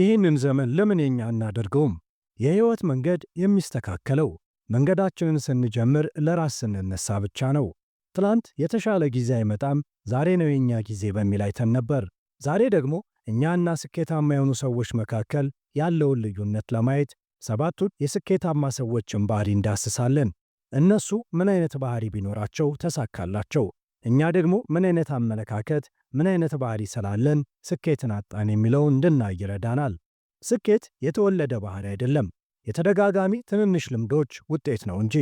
ይህንን ዘመን ለምን የኛ እናደርገውም? የሕይወት መንገድ የሚስተካከለው መንገዳችንን ስንጀምር ለራስ ስንነሳ ብቻ ነው። ትላንት የተሻለ ጊዜ አይመጣም፣ ዛሬ ነው የእኛ ጊዜ በሚል አይተን ነበር። ዛሬ ደግሞ እኛና ስኬታማ የሆኑ ሰዎች መካከል ያለውን ልዩነት ለማየት ሰባቱን የስኬታማ ሰዎችን ባህሪ እንዳስሳለን። እነሱ ምን አይነት ባህሪ ቢኖራቸው ተሳካላቸው? እኛ ደግሞ ምን አይነት አመለካከት፣ ምን አይነት ባህሪ ስላለን ስኬትን አጣን የሚለውን እንድናይ ይረዳናል። ስኬት የተወለደ ባህሪ አይደለም፣ የተደጋጋሚ ትንንሽ ልምዶች ውጤት ነው እንጂ።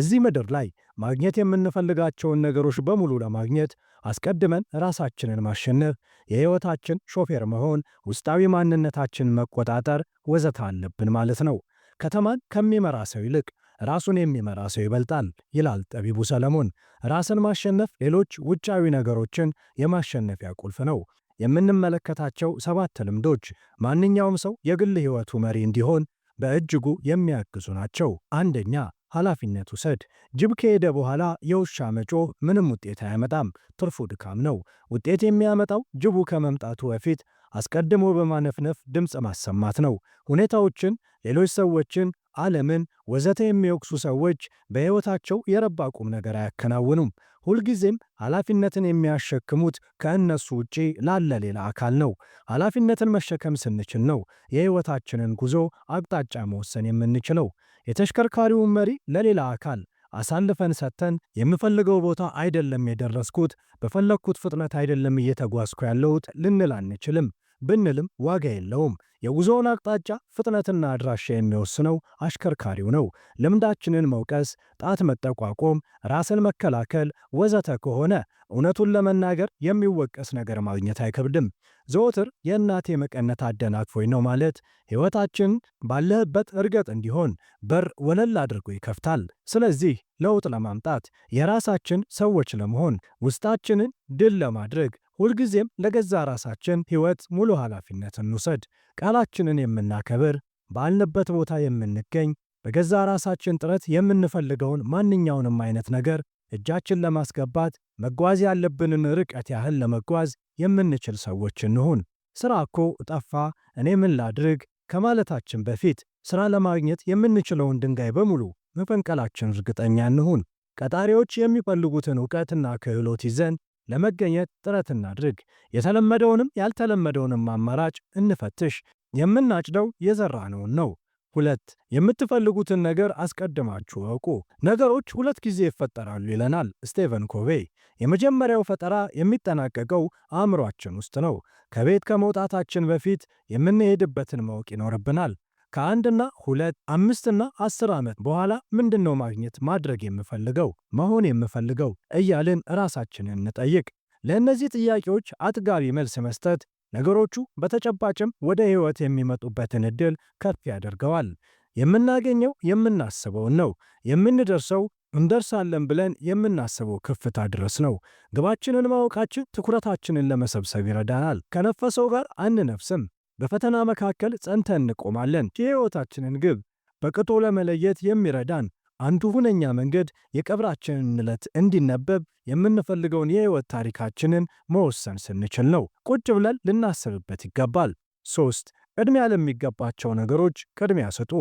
እዚህ ምድር ላይ ማግኘት የምንፈልጋቸውን ነገሮች በሙሉ ለማግኘት አስቀድመን ራሳችንን ማሸነፍ፣ የሕይወታችን ሾፌር መሆን፣ ውስጣዊ ማንነታችንን መቆጣጠር ወዘተ አለብን ማለት ነው። ከተማን ከሚመራ ሰው ይልቅ ራሱን የሚመራ ሰው ይበልጣል ይላል ጠቢቡ ሰለሞን። ራስን ማሸነፍ ሌሎች ውጫዊ ነገሮችን የማሸነፊያ ቁልፍ ነው። የምንመለከታቸው ሰባት ልምዶች ማንኛውም ሰው የግል ሕይወቱ መሪ እንዲሆን በእጅጉ የሚያግዙ ናቸው። አንደኛ ኃላፊነት ውሰድ። ጅብ ከሄደ በኋላ የውሻ መጮህ ምንም ውጤት አያመጣም፣ ትርፉ ድካም ነው። ውጤት የሚያመጣው ጅቡ ከመምጣቱ በፊት አስቀድሞ በማነፍነፍ ድምፅ ማሰማት ነው። ሁኔታዎችን፣ ሌሎች ሰዎችን፣ ዓለምን ወዘተ የሚወቅሱ ሰዎች በሕይወታቸው የረባ ቁም ነገር አያከናውኑም። ሁልጊዜም ኃላፊነትን የሚያሸክሙት ከእነሱ ውጪ ላለ ሌላ አካል ነው። ኃላፊነትን መሸከም ስንችል ነው የሕይወታችንን ጉዞ አቅጣጫ መወሰን የምንችለው። የተሽከርካሪውን መሪ ለሌላ አካል አሳልፈን ሰጥተን የምፈልገው ቦታ አይደለም የደረስኩት፣ በፈለግኩት ፍጥነት አይደለም እየተጓዝኩ ያለሁት ልንል አንችልም። ብንልም ዋጋ የለውም። የጉዞውን አቅጣጫ ፍጥነትና አድራሻ የሚወስነው አሽከርካሪው ነው። ልምዳችንን መውቀስ፣ ጣት መጠቋቆም፣ ራስን መከላከል ወዘተ ከሆነ እውነቱን ለመናገር የሚወቀስ ነገር ማግኘት አይከብድም። ዘወትር የእናቴ መቀነት አደናቅፎኝ ነው ማለት ሕይወታችን ባለህበት እርገጥ እንዲሆን በር ወለል አድርጎ ይከፍታል። ስለዚህ ለውጥ ለማምጣት የራሳችን ሰዎች ለመሆን ውስጣችንን ድል ለማድረግ ሁልጊዜም ለገዛ ራሳችን ሕይወት ሙሉ ኃላፊነት እንውሰድ። ቃላችንን የምናከብር፣ ባልንበት ቦታ የምንገኝ፣ በገዛ ራሳችን ጥረት የምንፈልገውን ማንኛውንም አይነት ነገር እጃችን ለማስገባት መጓዝ ያለብንን ርቀት ያህል ለመጓዝ የምንችል ሰዎች እንሁን። ሥራ እኮ ጠፋ፣ እኔ ምን ላድርግ ከማለታችን በፊት ሥራ ለማግኘት የምንችለውን ድንጋይ በሙሉ መፈንቀላችን እርግጠኛ እንሁን። ቀጣሪዎች የሚፈልጉትን እውቀትና ክህሎት ይዘን ለመገኘት ጥረት እናድርግ። የተለመደውንም ያልተለመደውንም አማራጭ እንፈትሽ። የምናጭደው የዘራነውን ነው። ሁለት የምትፈልጉትን ነገር አስቀድማችሁ እወቁ። ነገሮች ሁለት ጊዜ ይፈጠራሉ ይለናል ስቴቨን ኮቬይ። የመጀመሪያው ፈጠራ የሚጠናቀቀው አእምሯችን ውስጥ ነው። ከቤት ከመውጣታችን በፊት የምንሄድበትን ማወቅ ይኖርብናል። ከአንድና ሁለት አምስትና አስር ዓመት በኋላ ምንድን ነው ማግኘት ማድረግ የምፈልገው መሆን የምፈልገው እያልን ራሳችንን እንጠይቅ። ለእነዚህ ጥያቄዎች አጥጋቢ መልስ መስጠት ነገሮቹ በተጨባጭም ወደ ሕይወት የሚመጡበትን ዕድል ከፍ ያደርገዋል። የምናገኘው የምናስበውን ነው። የምንደርሰው እንደርሳለን ብለን የምናስበው ከፍታ ድረስ ነው። ግባችንን ማወቃችን ትኩረታችንን ለመሰብሰብ ይረዳናል። ከነፈሰው ጋር አንነፍስም። በፈተና መካከል ጸንተን እንቆማለን። የሕይወታችንን ግብ በቅጡ ለመለየት የሚረዳን አንዱ ሁነኛ መንገድ የቀብራችንን ዕለት እንዲነበብ የምንፈልገውን የሕይወት ታሪካችንን መወሰን ስንችል ነው። ቁጭ ብለን ልናስብበት ይገባል። ሶስት ቅድሚያ ለሚገባቸው ነገሮች ቅድሚያ ስጡ።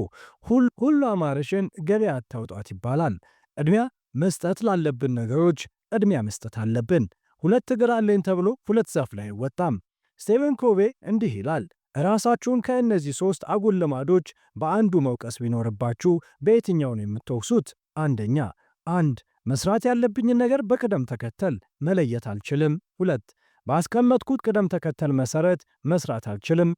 ሁሉ አማረሽን ገበያ አታውጧት ይባላል። ቅድሚያ መስጠት ላለብን ነገሮች ቅድሚያ መስጠት አለብን። ሁለት እግር አለኝ ተብሎ ሁለት ዛፍ ላይ አይወጣም። ስቴቨን ኮቬ እንዲህ ይላል፣ ራሳችሁን ከእነዚህ ሦስት አጉል ልማዶች በአንዱ መውቀስ ቢኖርባችሁ በየትኛው ነው የምትወቅሱት? አንደኛ፣ አንድ መስራት ያለብኝን ነገር በቅደም ተከተል መለየት አልችልም። ሁለት ባስቀመጥኩት ቅደም ተከተል መሰረት መስራት አልችልም።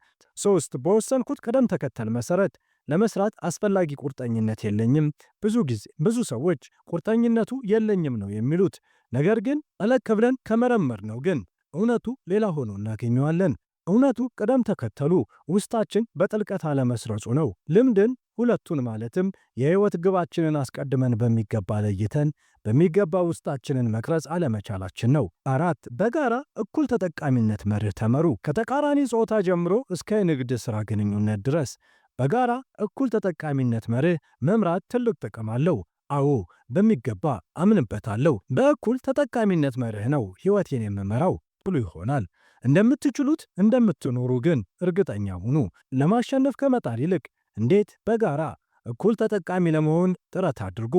ሶስት በወሰንኩት ቅደም ተከተል መሰረት ለመስራት አስፈላጊ ቁርጠኝነት የለኝም። ብዙ ጊዜ ብዙ ሰዎች ቁርጠኝነቱ የለኝም ነው የሚሉት። ነገር ግን ጠለቅ ብለን ከመረመር ነው ግን እውነቱ ሌላ ሆኖ እናገኘዋለን። እውነቱ ቅደም ተከተሉ ውስጣችን በጥልቀት አለመስረጹ ነው። ልምድን ሁለቱን ማለትም የሕይወት ግባችንን አስቀድመን በሚገባ ለይተን በሚገባ ውስጣችንን መቅረጽ አለመቻላችን ነው። አራት በጋራ እኩል ተጠቃሚነት መርህ ተመሩ። ከተቃራኒ ጾታ ጀምሮ እስከ የንግድ ሥራ ግንኙነት ድረስ በጋራ እኩል ተጠቃሚነት መርህ መምራት ትልቅ ጥቅም አለው። አዎ በሚገባ አምንበታለሁ። በእኩል ተጠቃሚነት መርህ ነው ሕይወቴን የምመራው ብሎ ይሆናል። እንደምትችሉት እንደምትኖሩ ግን እርግጠኛ ሁኑ። ለማሸነፍ ከመጣር ይልቅ እንዴት በጋራ እኩል ተጠቃሚ ለመሆን ጥረት አድርጉ።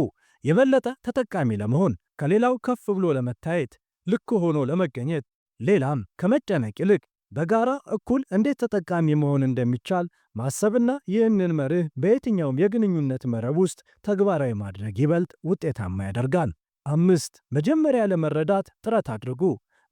የበለጠ ተጠቃሚ ለመሆን ከሌላው ከፍ ብሎ ለመታየት፣ ልክ ሆኖ ለመገኘት፣ ሌላም ከመጨነቅ ይልቅ በጋራ እኩል እንዴት ተጠቃሚ መሆን እንደሚቻል ማሰብና ይህንን መርህ በየትኛውም የግንኙነት መረብ ውስጥ ተግባራዊ ማድረግ ይበልጥ ውጤታማ ያደርጋል። አምስት መጀመሪያ ለመረዳት ጥረት አድርጉ።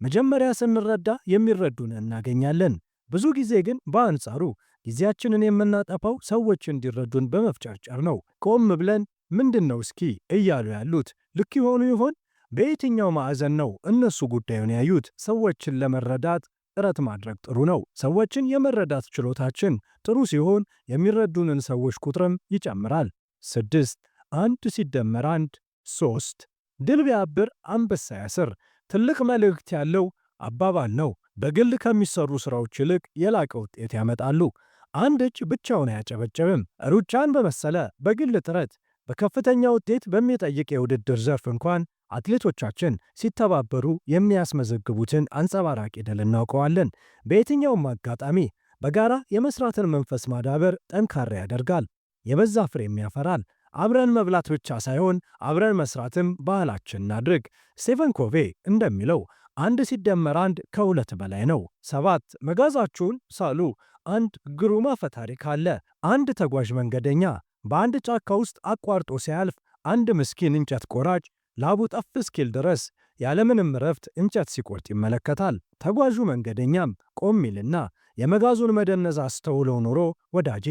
መጀመሪያ ስንረዳ የሚረዱን እናገኛለን። ብዙ ጊዜ ግን በአንጻሩ ጊዜያችንን የምናጠፋው ሰዎች እንዲረዱን በመፍጨርጨር ነው። ቆም ብለን ምንድን ነው እስኪ እያሉ ያሉት ልክ ይሆኑ ይሆን? በየትኛው ማዕዘን ነው እነሱ ጉዳዩን ያዩት? ሰዎችን ለመረዳት ጥረት ማድረግ ጥሩ ነው። ሰዎችን የመረዳት ችሎታችን ጥሩ ሲሆን የሚረዱንን ሰዎች ቁጥርም ይጨምራል። ስድስት አንድ ሲደመር አንድ ሶስት ድል ቢያብር አንበሳ ያስር ትልቅ መልእክት ያለው አባባል ነው። በግል ከሚሰሩ ሥራዎች ይልቅ የላቀ ውጤት ያመጣሉ። አንድ እጅ ብቻውን አያጨበጭብም። ሩጫን በመሰለ በግል ጥረት በከፍተኛ ውጤት በሚጠይቅ የውድድር ዘርፍ እንኳን አትሌቶቻችን ሲተባበሩ የሚያስመዘግቡትን አንጸባራቂ ድል እናውቀዋለን። በየትኛውም አጋጣሚ በጋራ የመስራትን መንፈስ ማዳበር ጠንካራ ያደርጋል፣ የበዛ ፍሬም ያፈራል። አብረን መብላት ብቻ ሳይሆን አብረን መስራትም ባህላችን እናድርግ። ስቴቨን ኮቬ እንደሚለው አንድ ሲደመር አንድ ከሁለት በላይ ነው። ሰባት መጋዛችሁን ሳሉ አንድ ግሩም አፈ ታሪክ አለ። አንድ ተጓዥ መንገደኛ በአንድ ጫካ ውስጥ አቋርጦ ሲያልፍ አንድ ምስኪን እንጨት ቆራጭ ላቡ ጠፍ እስኪል ድረስ ያለምንም እረፍት እንጨት ሲቆርጥ ይመለከታል። ተጓዡ መንገደኛም ቆም ይልና የመጋዙን መደነዝ አስተውለው ኖሮ ወዳጄ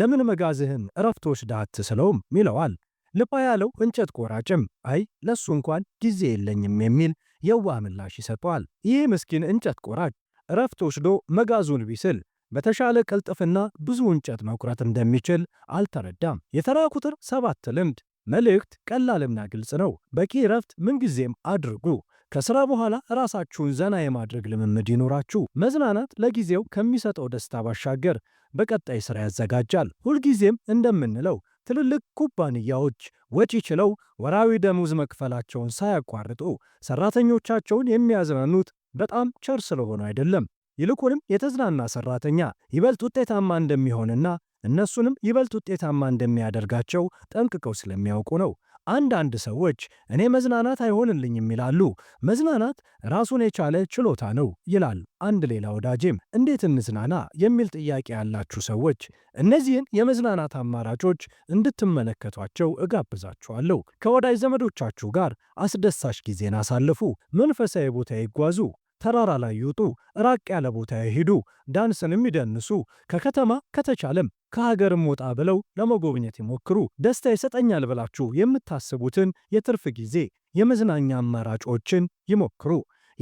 ለምን መጋዝህን እረፍት ወስደህ አትስለውም ይለዋል። ልባ ያለው እንጨት ቆራጭም አይ ለሱ እንኳን ጊዜ የለኝም የሚል የዋህ ምላሽ ይሰጠዋል። ይህ ምስኪን እንጨት ቆራጭ እረፍት ወስዶ መጋዙን ቢስል በተሻለ ቅልጥፍና ብዙ እንጨት መቁረጥ እንደሚችል አልተረዳም። የተራ ቁጥር ሰባት ልምድ መልእክት ቀላልና ግልጽ ነው። በቂ እረፍት ምንጊዜም አድርጉ። ከስራ በኋላ ራሳችሁን ዘና የማድረግ ልምምድ ይኖራችሁ። መዝናናት ለጊዜው ከሚሰጠው ደስታ ባሻገር በቀጣይ ስራ ያዘጋጃል። ሁልጊዜም እንደምንለው ትልልቅ ኩባንያዎች ወጪ ችለው ወራዊ ደሙዝ መክፈላቸውን ሳያቋርጡ ሰራተኞቻቸውን የሚያዝናኑት በጣም ቸር ስለሆነ አይደለም። ይልቁንም የተዝናና ሰራተኛ ይበልጥ ውጤታማ እንደሚሆንና እነሱንም ይበልጥ ውጤታማ እንደሚያደርጋቸው ጠንቅቀው ስለሚያውቁ ነው። አንዳንድ ሰዎች እኔ መዝናናት አይሆንልኝም ይላሉ። መዝናናት ራሱን የቻለ ችሎታ ነው ይላል አንድ ሌላ ወዳጄም። እንዴት እንዝናና የሚል ጥያቄ ያላችሁ ሰዎች እነዚህን የመዝናናት አማራጮች እንድትመለከቷቸው እጋብዛችኋለሁ። ከወዳጅ ዘመዶቻችሁ ጋር አስደሳች ጊዜን አሳልፉ። መንፈሳዊ ቦታ ይጓዙ። ተራራ ላይ ይውጡ፣ ራቅ ያለ ቦታ ይሄዱ፣ ዳንስንም ይደንሱ። ከከተማ ከተቻለም ከሀገርም ወጣ ብለው ለመጎብኘት ይሞክሩ። ደስታ ይሰጠኛል ብላችሁ የምታስቡትን የትርፍ ጊዜ የመዝናኛ አማራጮችን ይሞክሩ።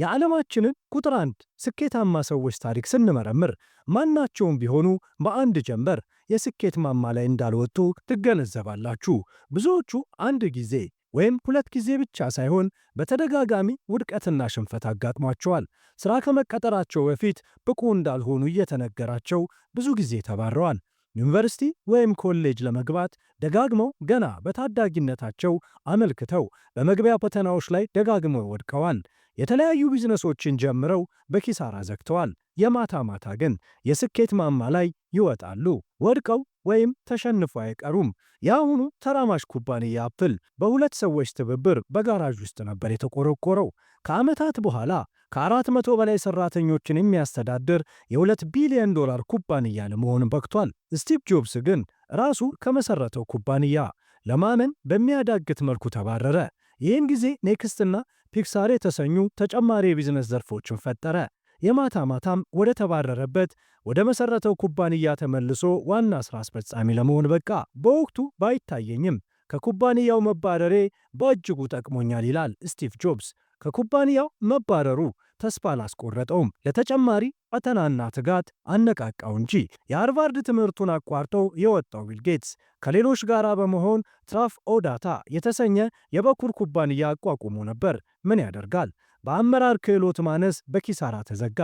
የዓለማችንን ቁጥር አንድ ስኬታማ ሰዎች ታሪክ ስንመረምር ማናቸውም ቢሆኑ በአንድ ጀንበር የስኬት ማማ ላይ እንዳልወጡ ትገነዘባላችሁ። ብዙዎቹ አንድ ጊዜ ወይም ሁለት ጊዜ ብቻ ሳይሆን በተደጋጋሚ ውድቀትና ሽንፈት አጋጥሟቸዋል። ሥራ ከመቀጠራቸው በፊት ብቁ እንዳልሆኑ እየተነገራቸው ብዙ ጊዜ ተባረዋል። ዩኒቨርሲቲ ወይም ኮሌጅ ለመግባት ደጋግመው ገና በታዳጊነታቸው አመልክተው በመግቢያ ፈተናዎች ላይ ደጋግመው ወድቀዋል። የተለያዩ ቢዝነሶችን ጀምረው በኪሳራ ዘግተዋል። የማታ ማታ ግን የስኬት ማማ ላይ ይወጣሉ። ወድቀው ወይም ተሸንፎ አይቀሩም። የአሁኑ ተራማሽ ኩባንያ አፕል በሁለት ሰዎች ትብብር በጋራዥ ውስጥ ነበር የተቆረቆረው። ከዓመታት በኋላ ከአራት መቶ በላይ ሠራተኞችን የሚያስተዳድር የሁለት ቢሊዮን ዶላር ኩባንያ ለመሆን በቅቷል። ስቲቭ ጆብስ ግን ራሱ ከመሠረተው ኩባንያ ለማመን በሚያዳግት መልኩ ተባረረ። ይህን ጊዜ ኔክስትና ፒክሳር የተሰኙ ተጨማሪ የቢዝነስ ዘርፎችን ፈጠረ። የማታ ማታም ወደ ተባረረበት ወደ መሠረተው ኩባንያ ተመልሶ ዋና ሥራ አስፈጻሚ ለመሆን በቃ። በወቅቱ ባይታየኝም ከኩባንያው መባረሬ በእጅጉ ጠቅሞኛል ይላል ስቲቭ ጆብስ። ከኩባንያው መባረሩ ተስፋ አላስቆረጠውም። ለተጨማሪ ፈተናና ትጋት አነቃቃው እንጂ። የሃርቫርድ ትምህርቱን አቋርጦ የወጣው ቢል ጌትስ ከሌሎች ጋር በመሆን ትራፍ ኦዳታ የተሰኘ የበኩር ኩባንያ አቋቁሞ ነበር። ምን ያደርጋል፣ በአመራር ክህሎት ማነስ በኪሳራ ተዘጋ።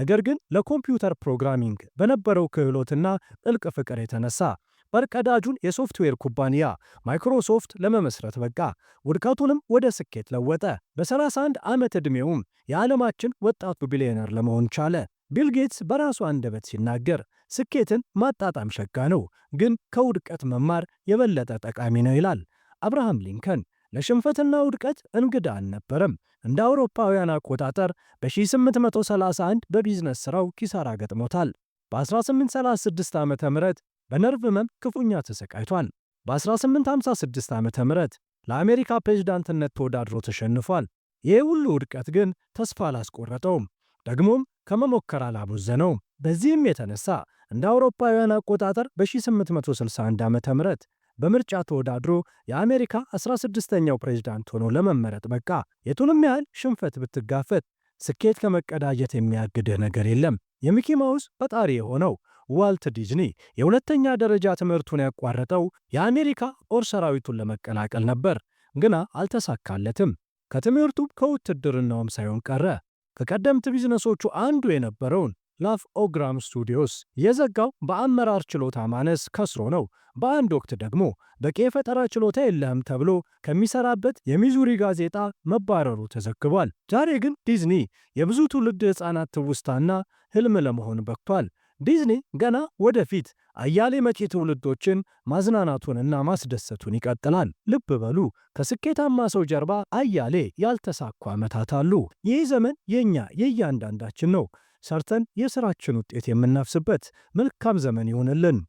ነገር ግን ለኮምፒውተር ፕሮግራሚንግ በነበረው ክህሎትና ጥልቅ ፍቅር የተነሳ ቀዳጁን የሶፍትዌር ኩባንያ ማይክሮሶፍት ለመመስረት በቃ። ውድቀቱንም ወደ ስኬት ለወጠ። በ31 ዓመት ዕድሜውም የዓለማችን ወጣቱ ቢሊዮነር ለመሆን ቻለ። ቢል ጌትስ በራሱ አንደበት ሲናገር ስኬትን ማጣጣም ሸጋ ነው፣ ግን ከውድቀት መማር የበለጠ ጠቃሚ ነው ይላል። አብርሃም ሊንከን ለሽንፈትና ውድቀት እንግዳ አልነበረም። እንደ አውሮፓውያን አቆጣጠር በ1831 በቢዝነስ ሥራው ኪሳራ ገጥሞታል። በ1836 ዓ ም በነርቭ ህመም ክፉኛ ተሰቃይቷል። በ1856 ዓ ም ለአሜሪካ ፕሬዝዳንትነት ተወዳድሮ ተሸንፏል። ይህ ሁሉ ውድቀት ግን ተስፋ አላስቆረጠውም። ደግሞም ከመሞከር አላቦዘነው። በዚህም የተነሳ እንደ አውሮፓውያን አቆጣጠር በ1861 ዓ ም በምርጫ ተወዳድሮ የአሜሪካ 16ኛው ፕሬዝዳንት ሆኖ ለመመረጥ በቃ። የቱንም ያህል ሽንፈት ብትጋፈት ስኬት ከመቀዳጀት የሚያግድህ ነገር የለም። የሚኪ ማውስ ፈጣሪ የሆነው ዋልት ዲዝኒ የሁለተኛ ደረጃ ትምህርቱን ያቋረጠው የአሜሪካ ጦር ሰራዊቱን ለመቀላቀል ነበር፣ ግና አልተሳካለትም። ከትምህርቱ ከውትድርናውም ሳይሆን ቀረ። ከቀደምት ቢዝነሶቹ አንዱ የነበረውን ላፍ ኦግራም ስቱዲዮስ የዘጋው በአመራር ችሎታ ማነስ ከስሮ ነው። በአንድ ወቅት ደግሞ በቂ የፈጠራ ችሎታ የለህም ተብሎ ከሚሰራበት የሚዙሪ ጋዜጣ መባረሩ ተዘግቧል። ዛሬ ግን ዲዝኒ የብዙ ትውልድ ሕፃናት ትውስታና ሕልም ለመሆን በቅቷል። ዲዝኒ ገና ወደፊት አያሌ መጪ ትውልዶችን ማዝናናቱንና ማስደሰቱን ይቀጥላል። ልብ በሉ፣ ከስኬታማ ሰው ጀርባ አያሌ ያልተሳኩ ዓመታት አሉ። ይህ ዘመን የእኛ የእያንዳንዳችን ነው። ሰርተን የሥራችን ውጤት የምናፍስበት መልካም ዘመን ይሆንልን።